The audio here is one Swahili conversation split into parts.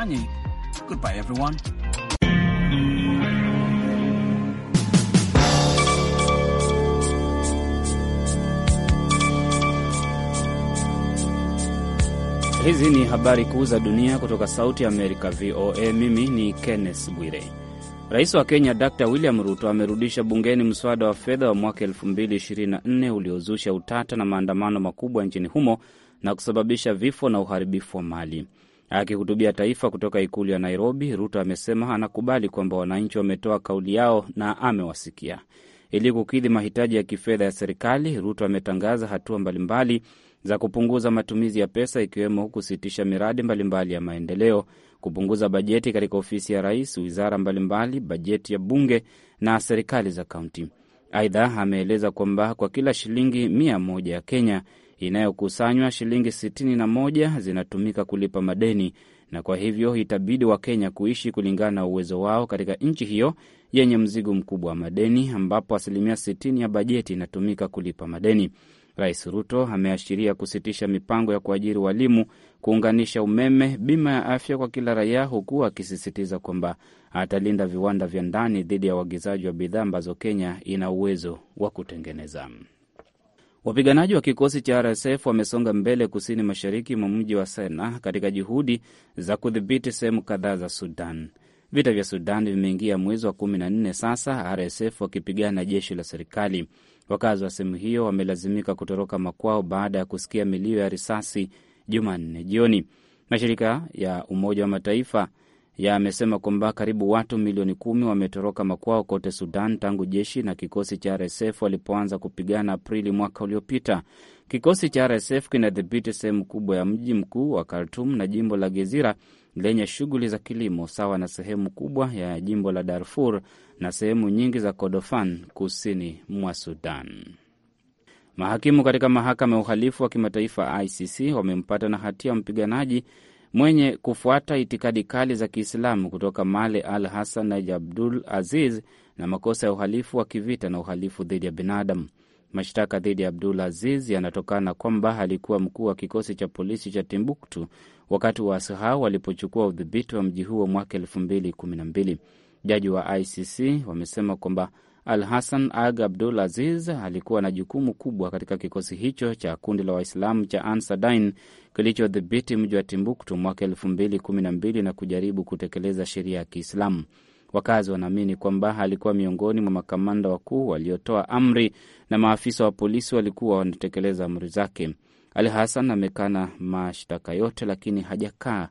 Ani, goodbye everyone. Hizi ni habari kuu za dunia kutoka Sauti ya Amerika, VOA. Mimi ni Kenneth Bwire. Rais wa Kenya Dr William Ruto amerudisha bungeni mswada wa fedha wa mwaka 2024 uliozusha utata na maandamano makubwa nchini humo na kusababisha vifo na uharibifu wa mali. Akihutubia taifa kutoka ikulu ya Nairobi, Ruto amesema anakubali kwamba wananchi wametoa kauli yao na amewasikia. Ili kukidhi mahitaji ya kifedha ya serikali, Ruto ametangaza hatua mbalimbali za kupunguza matumizi ya pesa, ikiwemo kusitisha miradi mbalimbali ya maendeleo, kupunguza bajeti katika ofisi ya rais, wizara mbalimbali, bajeti ya bunge na serikali za kaunti. Aidha, ameeleza kwamba kwa kila shilingi mia moja ya Kenya inayokusanywa shilingi 61 zinatumika kulipa madeni, na kwa hivyo itabidi Wakenya kuishi kulingana na uwezo wao katika nchi hiyo yenye mzigo mkubwa wa madeni, ambapo asilimia 60 ya bajeti inatumika kulipa madeni. Rais Ruto ameashiria kusitisha mipango ya kuajiri walimu, kuunganisha umeme, bima ya afya kwa kila raia, huku akisisitiza kwamba atalinda viwanda vya ndani dhidi ya uagizaji wa bidhaa ambazo Kenya ina uwezo wa kutengeneza. Wapiganaji wa kikosi cha RSF wamesonga mbele kusini mashariki mwa mji wa Sena katika juhudi za kudhibiti sehemu kadhaa za Sudan. Vita vya Sudan vimeingia mwezi wa kumi na nne sasa, RSF wakipigana na jeshi la serikali. Wakazi wa sehemu hiyo wamelazimika kutoroka makwao baada ya kusikia milio ya risasi Jumanne jioni. Mashirika ya Umoja wa Mataifa ya amesema kwamba karibu watu milioni kumi wametoroka makwao kote Sudan tangu jeshi na kikosi cha RSF walipoanza kupigana Aprili mwaka uliopita. Kikosi cha RSF kinadhibiti sehemu kubwa ya mji mkuu wa Khartum na jimbo la Gezira lenye shughuli za kilimo sawa na sehemu kubwa ya jimbo la Darfur na sehemu nyingi za Kordofan kusini mwa Sudan. Mahakimu katika mahakama ya uhalifu wa kimataifa ICC wamempata na hatia mpiganaji mwenye kufuata itikadi kali za Kiislamu kutoka male Al Hassan Naji Abdul Aziz na makosa ya uhalifu wa kivita na uhalifu dhidi ya binadamu. Mashtaka dhidi ya Abdul Aziz yanatokana kwamba alikuwa mkuu wa kikosi cha polisi cha Timbuktu wakati waasi hao walipochukua udhibiti wa mji huo mwaka elfu mbili kumi na mbili. Jaji wa ICC wamesema kwamba Al Hassan Ag Abdul Aziz alikuwa na jukumu kubwa katika kikosi hicho cha kundi la Waislamu cha ansadain kilichodhibiti mji wa Timbuktu mwaka kumi na kujaribu kutekeleza sheria ya Kiislamu. Wakazi wanaamini kwamba alikuwa miongoni mwa makamanda wakuu waliotoa amri na maafisa wa polisi walikuwa wanatekeleza amri zake. Al Hassan amekana mashtaka yote, lakini hajakaa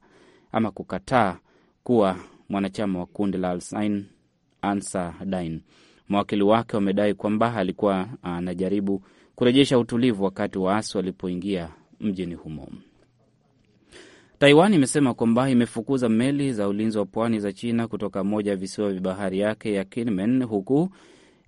ama kukataa kuwa mwanachama wa kundi la alsain ansa Dine. Mawakili wake wamedai kwamba alikuwa ah, anajaribu kurejesha utulivu wakati waasi walipoingia mjini humo. Taiwan imesema kwamba imefukuza meli za ulinzi wa pwani za China kutoka moja ya visiwa vya bahari yake ya Kinmen, huku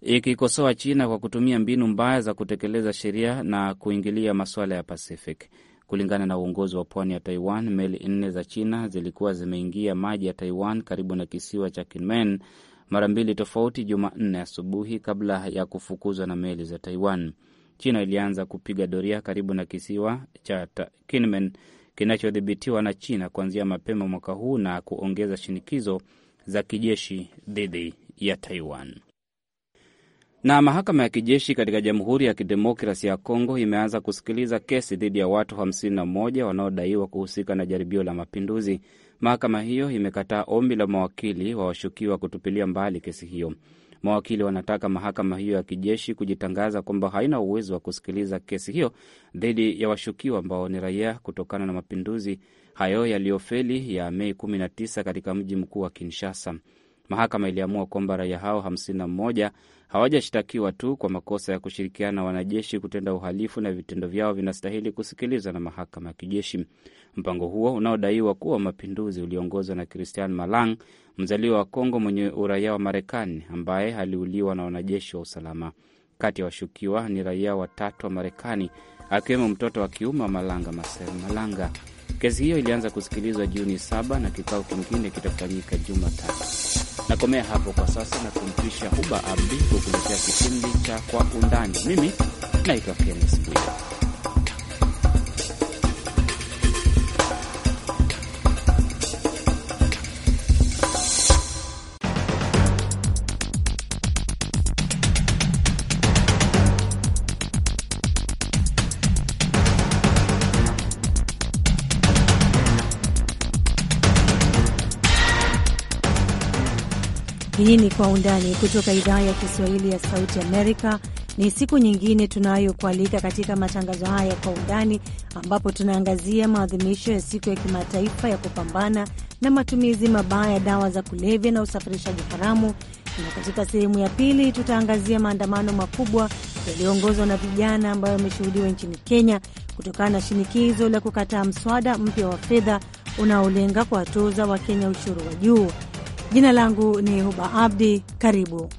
ikikosoa China kwa kutumia mbinu mbaya za kutekeleza sheria na kuingilia masuala ya Pacific. Kulingana na uongozi wa pwani ya Taiwan, meli nne za China zilikuwa zimeingia maji ya Taiwan karibu na kisiwa cha Kinmen mara mbili tofauti Jumanne asubuhi kabla ya kufukuzwa na meli za Taiwan. China ilianza kupiga doria karibu na kisiwa cha Kinmen kinachodhibitiwa na China kuanzia mapema mwaka huu na kuongeza shinikizo za kijeshi dhidi ya Taiwan. Na mahakama ya kijeshi katika Jamhuri ya Kidemokrasi ya Kongo imeanza kusikiliza kesi dhidi ya watu 51 wanaodaiwa kuhusika na jaribio la mapinduzi. Mahakama hiyo imekataa ombi la mawakili wa washukiwa kutupilia mbali kesi hiyo. Mawakili wanataka mahakama hiyo ya kijeshi kujitangaza kwamba haina uwezo wa kusikiliza kesi hiyo dhidi ya washukiwa ambao ni raia kutokana na mapinduzi hayo yaliyofeli ya Mei 19 katika mji mkuu wa Kinshasa. Mahakama iliamua kwamba raia hao 51 hawajashtakiwa tu kwa makosa ya kushirikiana na wanajeshi kutenda uhalifu na vitendo vyao vinastahili kusikilizwa na mahakama ya kijeshi. Mpango huo unaodaiwa kuwa mapinduzi uliongozwa na Christian Malang, mzaliwa wa Kongo mwenye uraia wa Marekani ambaye aliuliwa na wanajeshi wa usalama. Kati ya washukiwa ni raia watatu wa Marekani akiwemo mtoto wa kiume wa Malanga, Marcel Malanga. Kesi hiyo ilianza kusikilizwa Juni saba na kikao kingine kitafanyika Jumatatu. Nakomea hapo kwa sasa na kumpisha Huba Abdi kukuletea kipindi cha Kwa Undani. Mimi naitwa Kennes Bwira. Hii ni Kwa Undani kutoka idhaa ya Kiswahili ya Sauti Amerika. Ni siku nyingine tunayokualika katika matangazo haya Kwa Undani, ambapo tunaangazia maadhimisho ya siku ya kimataifa ya kupambana na matumizi mabaya ya dawa za kulevya na usafirishaji haramu, na katika sehemu ya pili tutaangazia maandamano makubwa yaliyoongozwa na vijana ambayo yameshuhudiwa nchini Kenya kutokana na shinikizo la kukataa mswada mpya wa fedha unaolenga kuwatoza Wakenya ushuru wa juu. Jina langu ni Huba Abdi. Karibu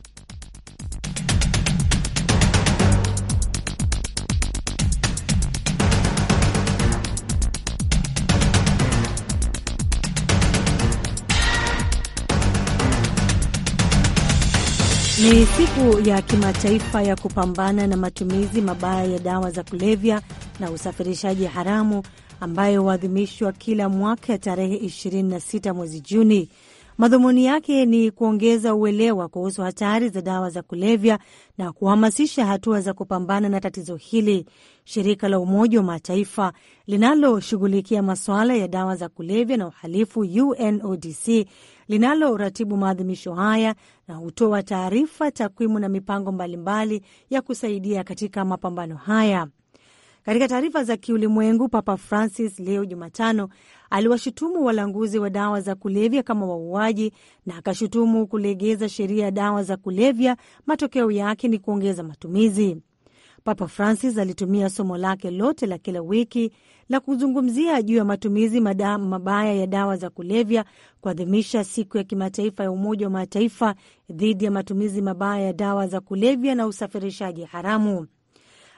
Ni siku ya kimataifa ya kupambana na matumizi mabaya ya dawa za kulevya na usafirishaji haramu ambayo huadhimishwa kila mwaka ya tarehe 26 mwezi Juni. Madhumuni yake ni kuongeza uelewa kuhusu hatari za dawa za kulevya na kuhamasisha hatua za kupambana na tatizo hili. Shirika la Umoja wa Mataifa linaloshughulikia masuala ya dawa za kulevya na uhalifu UNODC linaloratibu maadhimisho haya na hutoa taarifa, takwimu na mipango mbalimbali ya kusaidia katika mapambano haya. Katika taarifa za kiulimwengu, Papa Francis leo Jumatano aliwashutumu walanguzi wa dawa za kulevya kama wauaji na akashutumu kulegeza sheria ya dawa za kulevya, matokeo yake ni kuongeza matumizi. Papa Francis alitumia somo lake lote la kila wiki la kuzungumzia juu ya matumizi mabaya ya dawa za kulevya kuadhimisha siku ya kimataifa ya Umoja wa Mataifa dhidi ya matumizi mabaya ya dawa za kulevya na usafirishaji haramu.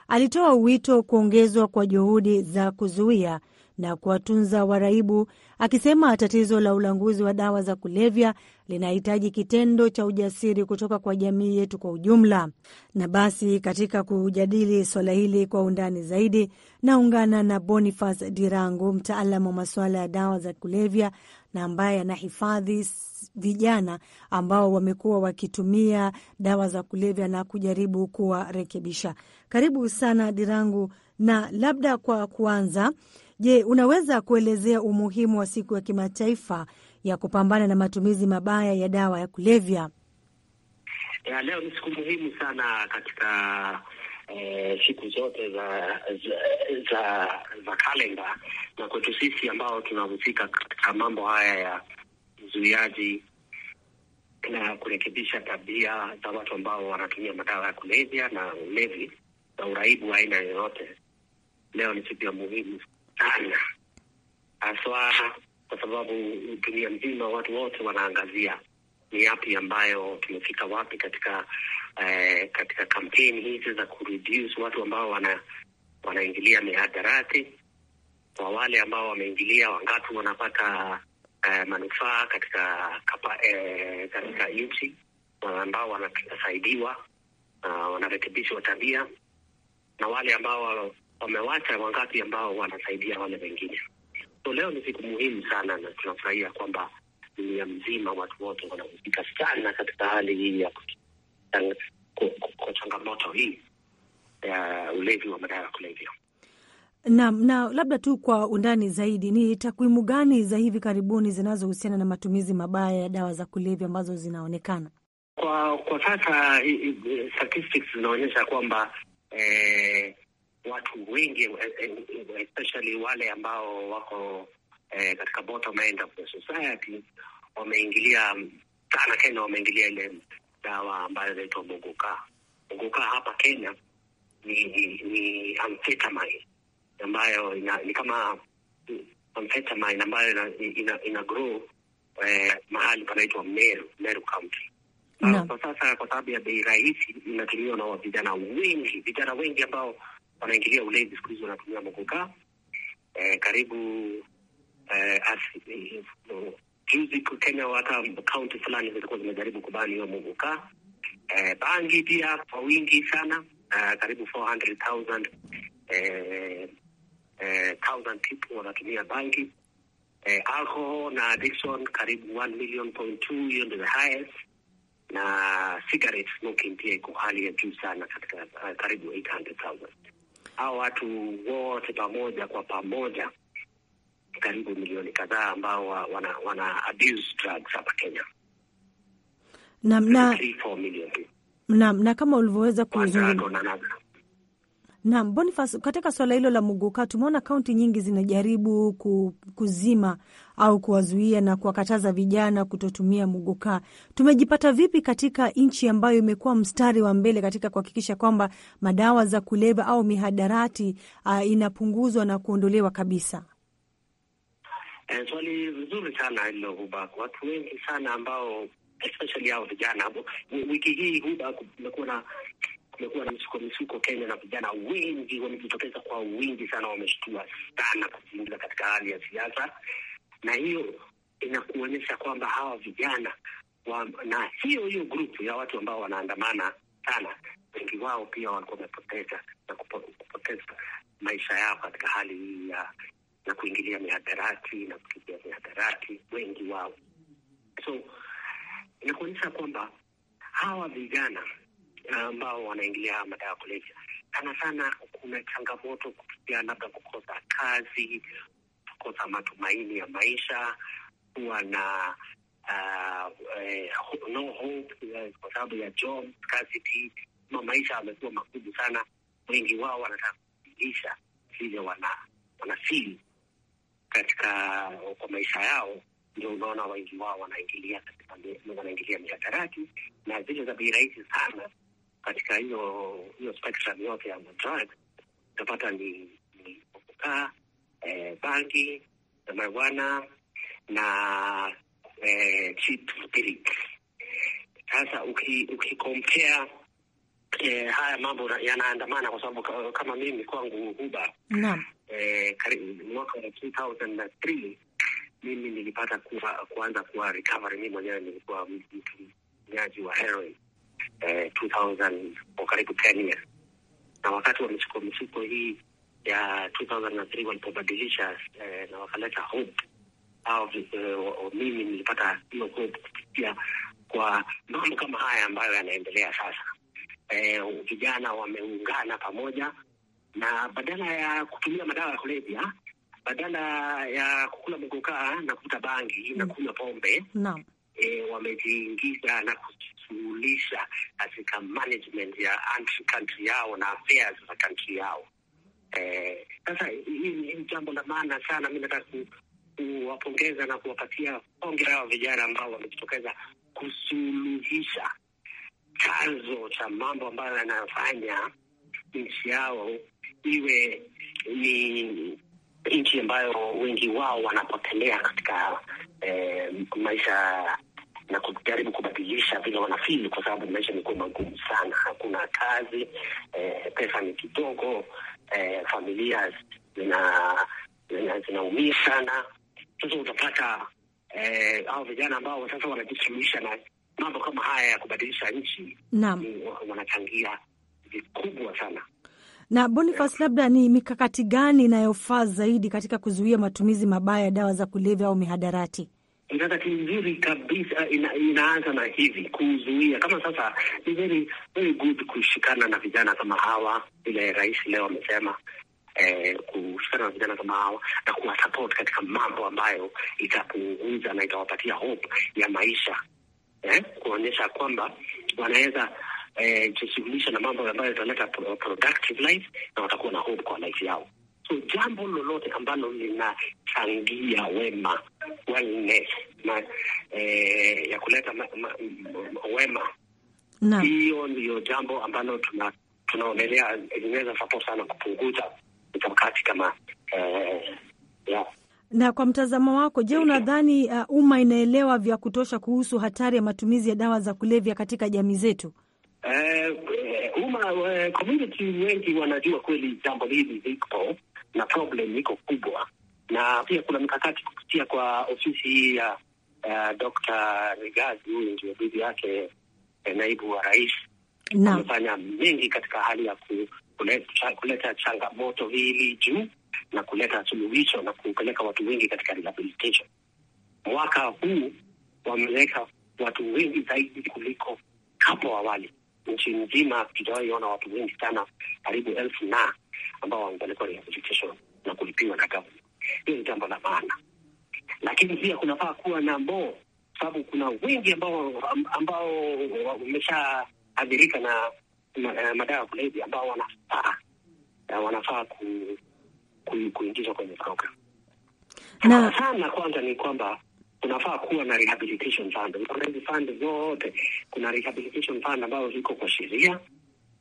Alitoa wito kuongezwa kwa juhudi za kuzuia na kuwatunza waraibu, akisema tatizo la ulanguzi wa dawa za kulevya linahitaji kitendo cha ujasiri kutoka kwa jamii yetu kwa ujumla. Na basi katika kujadili swala hili kwa undani zaidi, naungana na Boniface Dirangu, mtaalamu wa masuala ya dawa za kulevya na ambaye anahifadhi vijana ambao wamekuwa wakitumia dawa za kulevya na kujaribu kuwarekebisha. Karibu sana Dirangu, na labda kwa kuanza, je, unaweza kuelezea umuhimu wa siku ya kimataifa ya kupambana na matumizi mabaya ya dawa ya kulevya? Ya, eh, leo ni siku muhimu sana katika eh, siku zote za za, za, za kalenda, na kwetu sisi ambao tunahusika katika mambo haya ya uzuiaji na kurekebisha tabia za watu ambao wanatumia madawa ya kulevya na ulevi na uraibu wa aina yoyote, leo ni siku ya muhimu sana, haswa kwa sababu dunia mzima watu wote wanaangazia ni yapi ambayo tumefika wapi katika eh, katika kampeni hizi za kureduce watu ambao wana wanaingilia mihadarati. Kwa wale ambao wameingilia, wangapi wanapata eh, manufaa katika kapa, eh, katika nchi ambao wanasaidiwa, uh, wanarekebishwa tabia, na wale ambao wamewacha, wangapi ambao wanasaidia wale wengine. So leo ni siku muhimu sana, na tunafurahia kwamba dunia mzima watu wote wanahusika sana katika hali hii ya kwa changamoto hii ya ulevi wa madawa ya kulevya. Naam, na labda tu kwa undani zaidi, ni takwimu gani za hivi karibuni zinazohusiana na matumizi mabaya ya dawa za kulevya ambazo zinaonekana kwa kwa sasa? Statistics zinaonyesha kwamba eh, watu wengi eh, eh, especially wale ambao wako eh, katika bottom end of the society wameingilia sana tena, wameingilia ile dawa ambayo inaitwa Mogoka. Mogoka hapa Kenya ni ni, ni ambayo ina, ni kama amphetamine ambayo ina, ina, ina grow eh, mahali panaitwa Meru, Meru County. No. Kwa sasa kwa sababu ya bei rahisi inatumiwa na vijana wengi, vijana wengi ambao wanaingilia ulevi siku hizi wanatumia Mogoka eh, karibu eh, asi, eh, Juzi Kenya hata kaunti fulani zilikuwa zimejaribu kubani hiyo muguka eh, bangi pia kwa wingi sana eh, karibu 400,000 eh, eh, people wanatumia bangi eh, alcohol na addiction karibu 1 million point 2, hiyo ndio the highest na cigarette smoking pia iko hali ya juu sana katika uh, karibu 800,000. Hao watu wote pamoja kwa pamoja karibu milioni kadhaa ambao wana, wana abuse drugs hapa Kenya. na, na kama ulivyoweza kuzungumza Naam, Boniface, katika suala hilo la Muguka tumeona kaunti nyingi zinajaribu kuzima au kuwazuia na kuwakataza vijana kutotumia Muguka. Tumejipata vipi katika nchi ambayo imekuwa mstari wa mbele katika kuhakikisha kwamba madawa za kulevya au mihadarati uh, inapunguzwa na kuondolewa kabisa? Eh, swali vizuri sana hilo Huba. Watu wengi sana ambao especially hao vijana wiki hii Huba, kumekuwa na kumekuwa na misuko misuko Kenya, na vijana wengi wamejitokeza kwa wingi sana, wameshtua sana kujiingiza katika hali ya siasa, na hiyo inakuonyesha kwamba hawa vijana wa, na hiyo hiyo grupu ya watu ambao wanaandamana sana, wengi wao pia walikuwa wamepoteza na kupoteza maisha yao katika hali hii ya na kuingilia mihadarati na kukimbia mihadarati wengi wao. So inakuonyesha kwamba hawa vijana eh, ambao wanaingilia haya madawa ya kulevya sana sana, kuna changamoto kupitia labda kukosa kazi, kukosa matumaini ya maisha, kuwa na uh, uh, no hope uh, kwa sababu ya job scarcity, ma maisha amekuwa makubwa sana. Wengi wao wanataka kubadilisha vile wana wanafili katika kwa maisha yao, ndio unaona wengi wao wanaingilia katika wanaingilia mihadarati na zile za bei rahisi sana katika hiyo hiyo spectrum yote ya drug utapata ni ni kukaa eh, bangi na marijuana na eh, cheap spirit. Sasa ukikompea uki eh, haya mambo yanaandamana, kwa sababu kama mimi kwangu huba naam eh, mwaka wa 2003 mimi nilipata kuwa, kuanza kuwa recovery. mii mwenyewe nilikuwa mtumiaji wa heroin eh, 2000 kwa karibu 10 years, na wakati wa misuko misuko hii ya 2003 walipobadilisha eh, na wakaleta hope au uh, eh, mimi nilipata hiyo hope kupitia kwa mambo kama haya ambayo yanaendelea sasa. Eh, vijana wameungana pamoja na badala ya kutumia madawa ya kulevya, badala ya kukula mgokaa na kuvuta bangi mm. na kunywa pombe no. E, wamejiingiza na kujishughulisha katika management ya country yao na affairs za country yao. E, sasa e, hii ni jambo la maana sana. Mi nataka kuwapongeza na kuwapatia hongera wa vijana ambao wamejitokeza kusuluhisha chanzo cha mambo ambayo yanayofanya nchi yao iwe ni nchi ambayo wengi wao wanapotelea katika eh, maisha na kujaribu kubadilisha vile wanafili, kwa sababu maisha imekuwa magumu sana. Hakuna kazi eh, pesa ni kidogo eh, familia zina zinaumia sana. Sasa utapata eh, au vijana ambao sasa wanajishughulisha na mambo kama haya ya kubadilisha nchi, wanachangia vikubwa sana na Boniface, labda ni mikakati gani inayofaa zaidi katika kuzuia matumizi mabaya ya dawa za kulevya au mihadarati? Mikakati nzuri kabisa ina, inaanza na hivi kuzuia. Kama sasa ni very, very good kushikana na vijana kama hawa, vile rais leo amesema Eh, kushikana na vijana kama hawa na kuwasapoti katika mambo ambayo itapunguza na itawapatia hope ya maisha eh, kuonyesha kwamba wanaweza Eh, itajishughulisha na mambo ambayo yataleta productive life na watakuwa na hope kwa life yao. So jambo lolote ambalo linachangia wema wellness na eh, ya kuleta ma, ma, wema hiyo ndiyo jambo ambalo tuna tunaonelea inaweza support sana kupunguza mikakati kama eh, yeah. Na kwa mtazamo wako, je, unadhani uh, umma uh, inaelewa vya kutosha kuhusu hatari ya matumizi ya dawa za kulevya katika jamii zetu? Uh, uma uh, community wengi wanajua kweli jambo hili liko na problem iko kubwa, na pia kuna mikakati kupitia kwa ofisi hii ya uh, Dr. Rigathi, huyu ndio bibi yake eh, naibu wa rais, amefanya mengi katika hali ya kuleta, kuleta changamoto hili juu na kuleta suluhisho na kupeleka watu wengi katika rehabilitation. Mwaka huu wameweka watu wengi zaidi kuliko hapo awali nchi nzima hatujawahi ona watu wengi sana karibu elfu na ambao wamepelekwa rehabilitation na kulipiwa na government. Hiyo ni jambo la maana, lakini pia kunafaa kuwa na mbo, sababu kuna wengi ambao ambao wameshaadhirika na eh, madawa ya kulevya ambao wanafaa eh, wanafaa ku, ku, kuingizwa kwenye program na... sana. Kwanza ni kwamba kunafaa kuwa na rehabilitation fund. Kuna hizi fund zote, kuna rehabilitation fund ambazo ziko kwa sheria,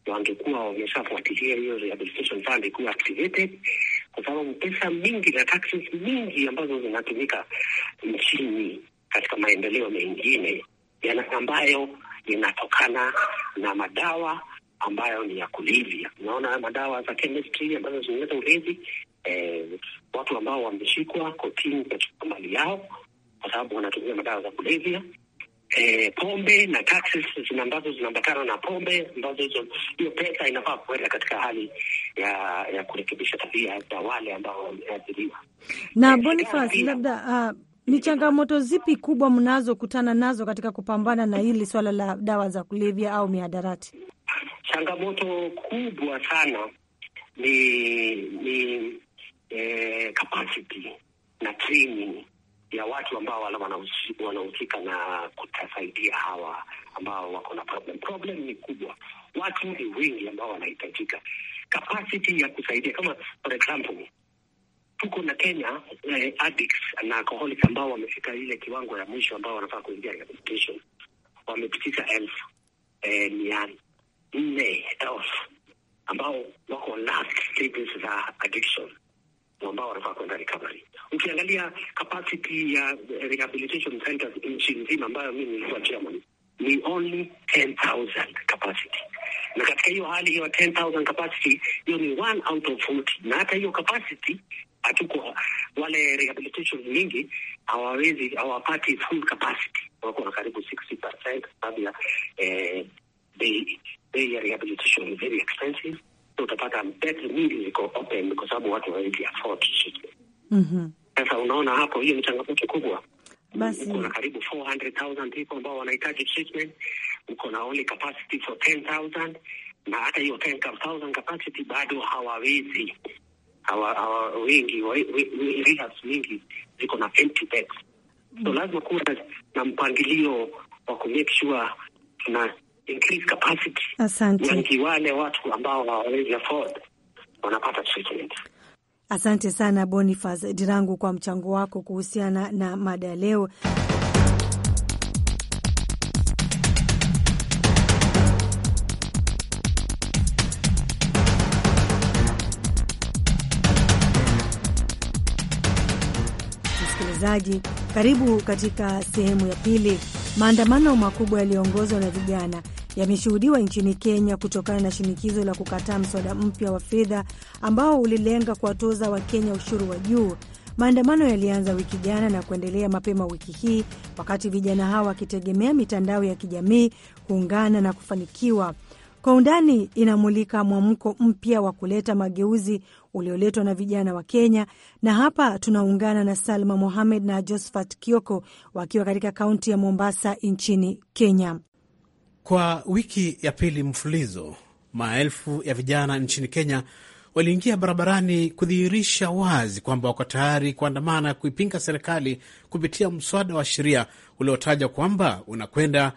wangekuwa wameshafuatilia hiyo rehabilitation fund ikuwa activated, kwa sababu pesa mingi na taxes mingi ambazo zinatumika nchini katika maendeleo mengine yana ambayo inatokana na madawa ambayo ni ya kulevya. Unaona madawa za chemistry ambazo zinaleta ulezi. Eh, watu ambao wameshikwa kotini kachukua mali yao kwa sababu wanatumia madawa za kulevya e, pombe na taxes zina ambazo zinaambatana na pombe ambazo hizo hiyo pesa inafaa kuenda katika hali ya ya kurekebisha tabia za wale ambao wameathiriwa. Na e, Boniface, labda uh, ni changamoto zipi kubwa mnazokutana nazo katika kupambana na hili swala la dawa za kulevya au mihadarati? Changamoto kubwa sana ni ni eh, capacity na training ya watu ambao wanahusika na kutasaidia hawa ambao wako na problem. Problem ni kubwa, watu ni wengi ambao wanahitajika capacity ya kusaidia. Kama for example tuko na Kenya eh, addicts na alcoholics ambao wamefika ile kiwango ya mwisho ambao wanafaa kuingia rehabilitation wamepitika elfu eh, mia nne elfu ambao wako last stages za addiction ambao wanafaa kwenda recovery. Ukiangalia capacity ya eh, rehabilitation centers nchi nzima ambayo mi nilikuwa chairman ni only 10,000 capacity, na katika hiyo hali hiyo 10,000 capacity hiyo ni one out of 40, na hata hiyo capacity hatuko wale rehabilitation nyingi hawawezi hawapati full capacity, wako na karibu 60% sababu ya eh, bei ya rehabilitation very expensive utapata beti nyingi ziko open kwa sababu watu hawawezi afford mm sasa Unaona hapo, hiyo ni changamoto kubwa. Basi kuna karibu 400,000 people ambao wanahitaji treatment, uko na only capacity for 10,000 na hata hiyo 10,000 capacity bado hawawezi hawa, hawa wengi rehabs nyingi ziko na empty beds, so mm. lazima kuwa na mpangilio wa ku sure tuna increase capacity. Asante. Wengi wale watu ambao hawawezi afford wanapata treatment. Asante sana Boniface Dirangu kwa mchango wako kuhusiana na mada ya leo. Msikilizaji, karibu katika sehemu ya pili Maandamano makubwa yaliyoongozwa na vijana yameshuhudiwa nchini Kenya kutokana na shinikizo la kukataa mswada mpya wa fedha ambao ulilenga kuwatoza Wakenya ushuru wa juu. Maandamano yalianza wiki jana na kuendelea mapema wiki hii, wakati vijana hawa wakitegemea mitandao ya kijamii kuungana na kufanikiwa. Kwa Undani inamulika mwamko mpya wa kuleta mageuzi ulioletwa na vijana wa Kenya, na hapa tunaungana na Salma Mohamed na josphat Kioko wakiwa katika kaunti ya Mombasa nchini Kenya. Kwa wiki ya pili mfululizo, maelfu ya vijana nchini Kenya waliingia barabarani kudhihirisha wazi kwamba wako tayari kuandamana kuipinga serikali kupitia mswada wa sheria uliotaja kwamba unakwenda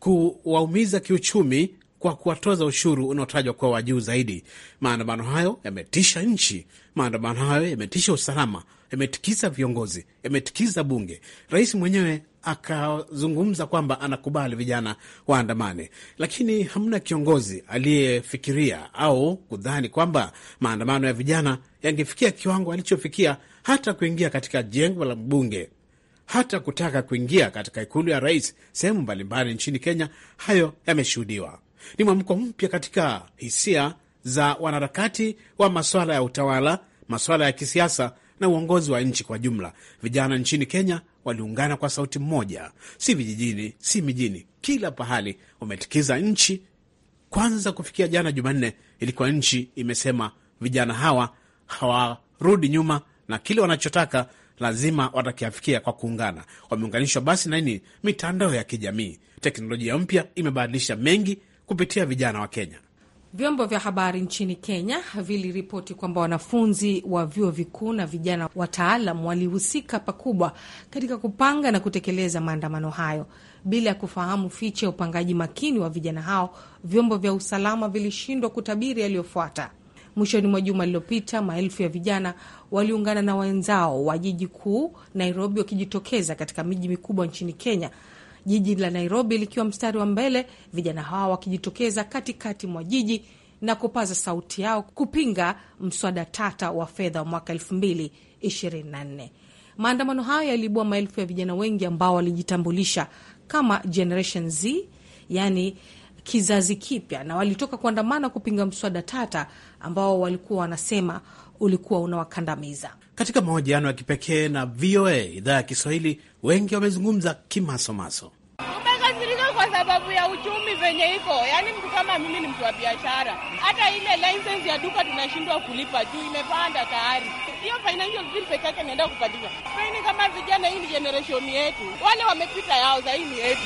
kuwaumiza kiuchumi kwa kuwatoza ushuru unaotajwa kuwa wa juu zaidi. Maandamano hayo yametisha nchi, maandamano hayo yametisha usalama, yametikisa viongozi, yametikisa bunge. Rais mwenyewe akazungumza kwamba anakubali vijana waandamane, lakini hamna kiongozi aliyefikiria au kudhani kwamba maandamano ya vijana yangefikia kiwango alichofikia, hata kuingia katika jengo la bunge, hata kutaka kuingia katika ikulu ya rais sehemu mbalimbali nchini Kenya. Hayo yameshuhudiwa. Ni mwamko mpya katika hisia za wanaharakati wa maswala ya utawala, maswala ya kisiasa na uongozi wa nchi kwa jumla. Vijana nchini Kenya waliungana kwa sauti mmoja si vijijini, si mijini, kila pahali wametikiza nchi. Kwanza kufikia jana Jumanne, ilikuwa nchi imesema vijana hawa hawarudi nyuma na kile wanachotaka lazima watakiafikia kwa kuungana. Wameunganishwa basi na nini, mitandao ya kijamii. Teknolojia mpya imebadilisha mengi kupitia vijana wa Kenya. Vyombo vya habari nchini Kenya viliripoti kwamba wanafunzi wa vyuo vikuu na vijana wataalam walihusika pakubwa katika kupanga na kutekeleza maandamano hayo. Bila ya kufahamu ficha ya upangaji makini wa vijana hao, vyombo vya usalama vilishindwa kutabiri yaliyofuata. Mwishoni mwa juma lililopita, maelfu ya vijana waliungana na wenzao wa jiji kuu Nairobi, wakijitokeza katika miji mikubwa nchini Kenya jiji la Nairobi likiwa mstari wa mbele, vijana hawa wakijitokeza katikati mwa jiji na kupaza sauti yao kupinga mswada tata wa fedha wa mwaka 2024. Maandamano hayo yaliibua maelfu ya vijana wengi ambao walijitambulisha kama Generation Z, yani kizazi kipya, na walitoka kuandamana kupinga mswada tata ambao walikuwa wanasema ulikuwa unawakandamiza. Katika mahojiano ya kipekee na VOA idhaa ya Kiswahili, wengi wamezungumza kimasomaso venye iko, yaani mtu kama mimi ni mtu wa biashara, hata ile license ya duka tunashindwa kulipa juu imepanda tayari. Hiyo financial bill peke yake inaenda kupandishwa. Ni kama vijana, hii ni generation yetu, wale wamepita yao, za hii ni yetu.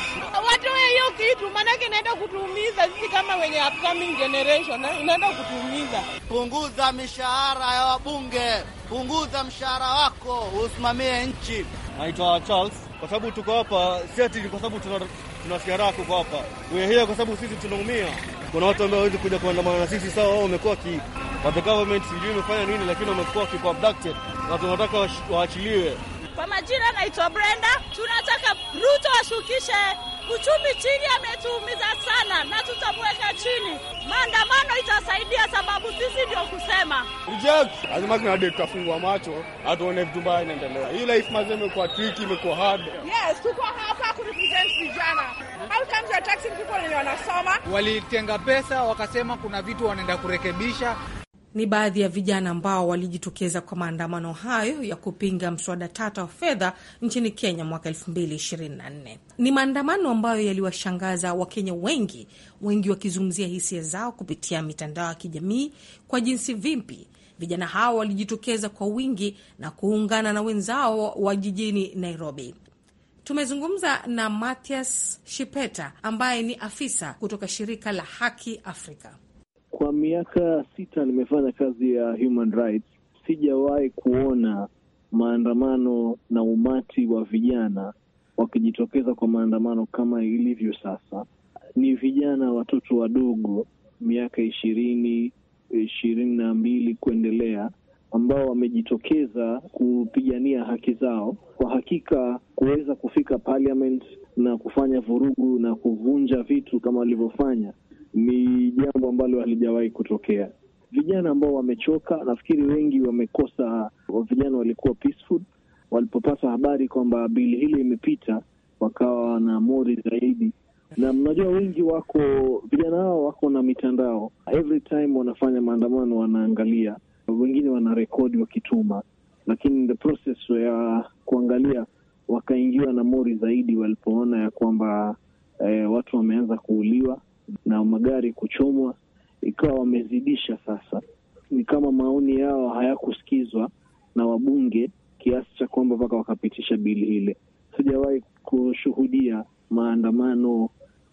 Watoe hiyo kitu, maanake inaenda kutuumiza sisi kama wenye upcoming generation, eh, inaenda kutuumiza. Punguza mishahara ya wabunge, punguza mshahara wako, usimamie nchi. Naitwa Charles. Kwa sababu tuko hapa si ati kwa sababu tuna tunafikia raha kuko hapa uyahia, kwa sababu sisi tunaumia. Kuna watu ambao wawezi kuja kuandamana na sisi, sawa, wao wamekuwa ki the government sijui imefanya nini, lakini wamekuwa kiko abducted na tunataka waachiliwe. Kwa majina naitwa Brenda, tunataka Ruto ashukishe uchumi chini, ametuumiza sana na tutamweka chini. Maandamano itasaidia, sababu sisi ndio kusema reject. Lazima tunade tutafungua macho, atuone vitu mbaya inaendelea. Hii life mazee imekuwa tricky, imekuwa hard. Yes, tuko hapa kurepresent vijana. How come you wanasoma? Walitenga pesa wakasema kuna vitu wanaenda kurekebisha ni baadhi ya vijana ambao walijitokeza kwa maandamano hayo ya kupinga mswada tata wa fedha nchini Kenya mwaka 2024. Ni maandamano ambayo yaliwashangaza Wakenya wengi, wengi wakizungumzia hisia zao kupitia mitandao ya kijamii kwa jinsi vipi vijana hao walijitokeza kwa wingi na kuungana na wenzao wa jijini Nairobi. Tumezungumza na Mathias Shipeta ambaye ni afisa kutoka shirika la Haki Afrika miaka sita nimefanya kazi ya human rights, sijawahi kuona maandamano na umati wa vijana wakijitokeza kwa maandamano kama ilivyo sasa. Ni vijana, watoto wadogo, miaka ishirini ishirini na mbili kuendelea ambao wamejitokeza kupigania haki zao. Kwa hakika kuweza kufika parliament na kufanya vurugu na kuvunja vitu kama walivyofanya ni jambo ambalo halijawahi kutokea. Vijana ambao wamechoka, nafikiri wengi wamekosa, vijana walikuwa peaceful, walipopata habari kwamba bili hili imepita, wakawa na mori zaidi na mnajua wengi wako vijana hao wako na mitandao, every time wanafanya maandamano, wanaangalia, wengine wanarekodi wakituma, lakini the process ya kuangalia wakaingiwa na mori zaidi walipoona ya kwamba eh, watu wameanza kuuliwa, na magari kuchomwa, ikawa wamezidisha sasa. Ni kama maoni yao hayakusikizwa na wabunge kiasi cha kwamba mpaka wakapitisha bili ile. Sijawahi kushuhudia maandamano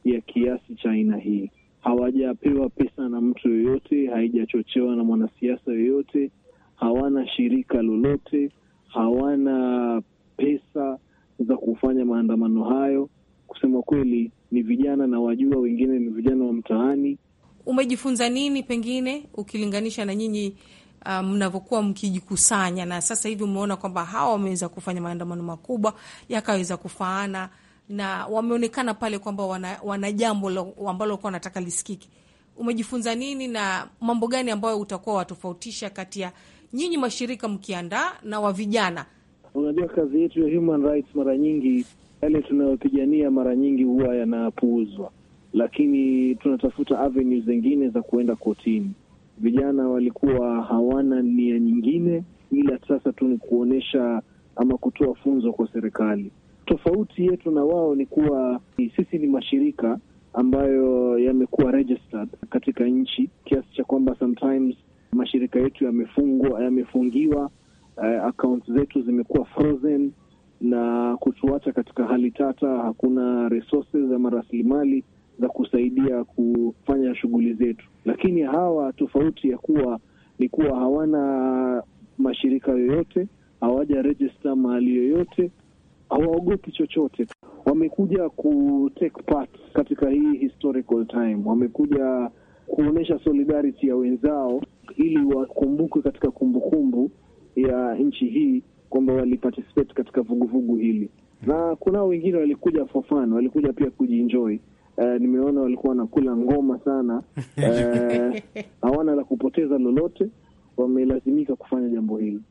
ya kiasi cha aina hii. Hawajapewa pesa na mtu yoyote, haijachochewa na mwanasiasa yoyote, hawana shirika lolote, hawana pesa za kufanya maandamano hayo kusema kweli ni vijana na wajua, wengine ni vijana wa mtaani. Umejifunza nini pengine ukilinganisha na nyinyi uh, mnavyokuwa um, mkijikusanya na sasa hivi umeona kwamba hawa wameweza kufanya maandamano makubwa yakaweza kufaana na wameonekana pale kwamba wana, wana jambo ambalo walikuwa wanataka lisikiki. Umejifunza nini na mambo gani ambayo utakuwa watofautisha kati ya nyinyi mashirika mkiandaa na wa vijana? Unajua, kazi yetu ya human rights mara nyingi yale tunayopigania mara nyingi huwa yanapuuzwa, lakini tunatafuta zengine zingine za kuenda kotini. Vijana walikuwa hawana nia nyingine, ila sasa tu ni kuonyesha ama kutoa funzo kwa serikali. Tofauti yetu na wao ni kuwa sisi ni mashirika ambayo yamekuwa registered katika nchi, kiasi cha kwamba sometimes mashirika yetu yamefungwa, yamefungiwa, uh, accounts zetu zimekuwa frozen na kutuacha katika hali tata. Hakuna resources ama rasilimali za kusaidia kufanya shughuli zetu, lakini hawa tofauti ya kuwa ni kuwa hawana mashirika yoyote, hawaja register mahali yoyote, hawaogopi chochote. Wamekuja ku take part katika hii historical time, wamekuja kuonyesha solidarity ya wenzao ili wakumbukwe katika kumbukumbu ya nchi hii kwamba waliparticipate katika vuguvugu hili, na kunao wengine walikuja for fun, walikuja pia kujinjoi Uh, eh, nimeona walikuwa wanakula ngoma sana, eh, hawana uh, la kupoteza lolote, wamelazimika kufanya jambo hili.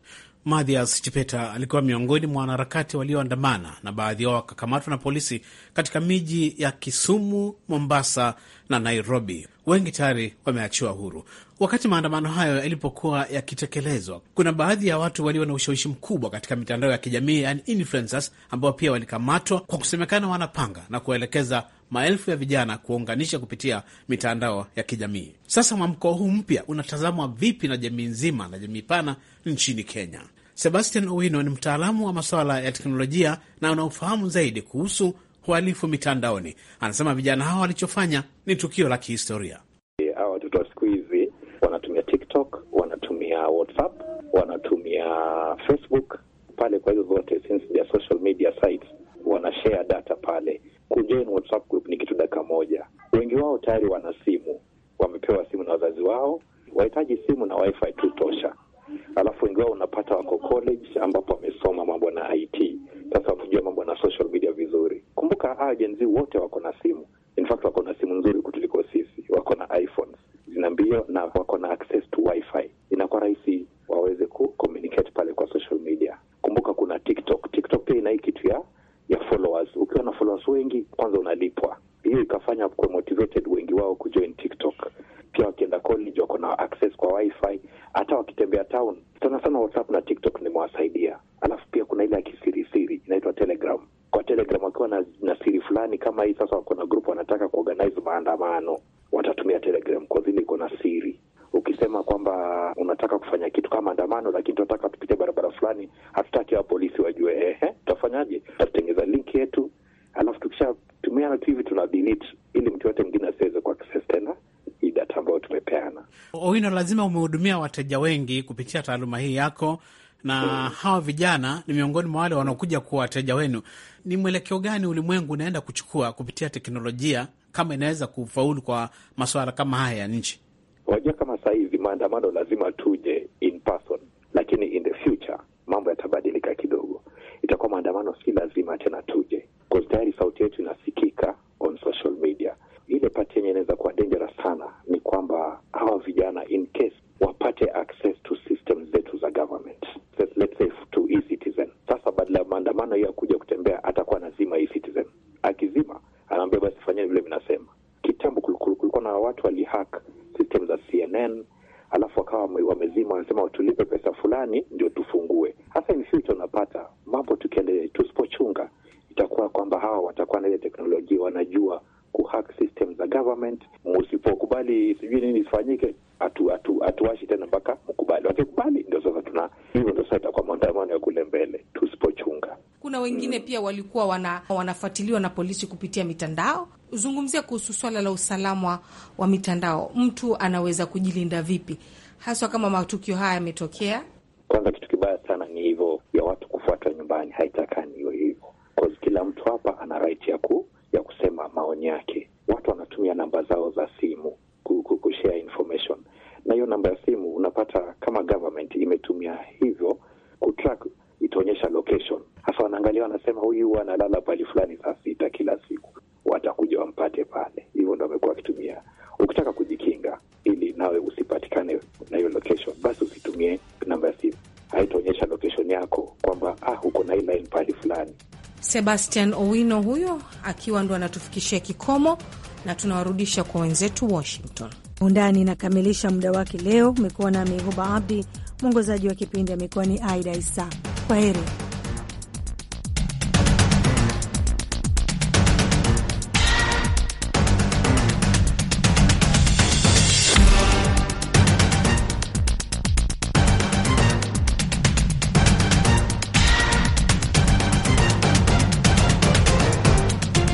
Mathias Chipeta alikuwa miongoni mwa wanaharakati walioandamana na baadhi yao wakakamatwa na polisi katika miji ya Kisumu, Mombasa na Nairobi. Wengi tayari wameachiwa huru. Wakati maandamano hayo yalipokuwa yakitekelezwa, kuna baadhi ya watu walio na ushawishi mkubwa katika mitandao ya kijamii, yani influencers, ambao pia walikamatwa kwa kusemekana wanapanga na kuwaelekeza maelfu ya vijana kuunganisha kupitia mitandao ya kijamii. Sasa mwamko huu mpya unatazamwa vipi na jamii nzima na jamii pana nchini Kenya? Sebastian Owino ni mtaalamu wa masuala ya teknolojia na unaofahamu zaidi kuhusu uhalifu mitandaoni. Anasema vijana hawa walichofanya ni tukio la kihistoria. Hawa watoto wa siku hizi wanatumia TikTok, wanatumia WhatsApp, wanatumia Facebook pale. Kwa hizo zote, since social media sites, wanashare data pale kujoin WhatsApp group ni kitu dakika moja. Wengi wao tayari wana simu, wamepewa simu na wazazi wao, wahitaji simu na wifi tu tosha. Alafu wengi wao unapata wako college ambapo wamesoma mambo na IT, sasa wakujua mambo na social media vizuri. Kumbuka hawa ah, Gen Z wote wako na simu, in fact wako na simu nzuri kutuliko sisi, wako na iPhones zina mbio na wako na wanalipwa. Hiyo ikafanya kuwe motivated wengi wao kujoin TikTok. Pia wakienda college wako na access kwa wifi, hata wakitembea town. Sana sana WhatsApp na TikTok nimewasaidia. Alafu pia kuna ile ya kisirisiri inaitwa Telegram. Kwa Telegram wakiwa na, na siri fulani kama hii, sasa wako na group wanataka kuorganize maandamano, watatumia Telegram kwa zile iko na siri Ukisema kwamba unataka kufanya kitu kama maandamano, lakini tunataka tupite barabara fulani, hatutaki hao polisi wajue, ehe, tutafanyaje? Tutatengeza linki yetu, alafu tukisha tunatumia tu hivi tuna ili mtu yote mwingine asiweze ku access tena hii data ambayo tumepeana. Owino, lazima umehudumia wateja wengi kupitia taaluma hii yako na mm, hawa vijana ni miongoni mwa wale wanaokuja kuwa wateja wenu. Ni mwelekeo gani ulimwengu unaenda kuchukua kupitia teknolojia kama inaweza kufaulu kwa masuala kama haya ya nchi? Wajua, kama saa maandamano lazima tuje in person, lakini in the future mambo yatabadilika kidogo, itakuwa maandamano si lazima tena tuje kwa tayari sauti yetu inasikika on social media. Ile pati yenye inaweza kuwa danger wengine pia walikuwa wana, wanafuatiliwa na polisi kupitia mitandao. Zungumzia kuhusu swala la usalama wa mitandao, mtu anaweza kujilinda vipi haswa kama matukio haya yametokea? Kwanza kitu kibaya sana ni hivyo ya watu kufuatwa nyumbani, haitakani hiyo hivyo, kila mtu hapa ana right ya ku, ya kusema maoni yake. Watu wanatumia namba zao za simu kushare information, na hiyo namba ya simu unapata kama government imetumia hii kama huyu huwa analala pahali fulani saa sita kila siku, watakuja wampate pale. Hivyo ndo amekuwa akitumia. Ukitaka kujikinga ili nawe usipatikane na hiyo location, basi usitumie namba ya simu, haitaonyesha location yako kwamba ah, uko na hii line pahali fulani. Sebastian Owino huyo akiwa ndo anatufikishia kikomo na tunawarudisha kwa wenzetu Washington. Undani inakamilisha muda wake leo. Umekuwa nami Huba Abdi, mwongozaji wa kipindi amekuwa ni Aida Isa. Kwa heri.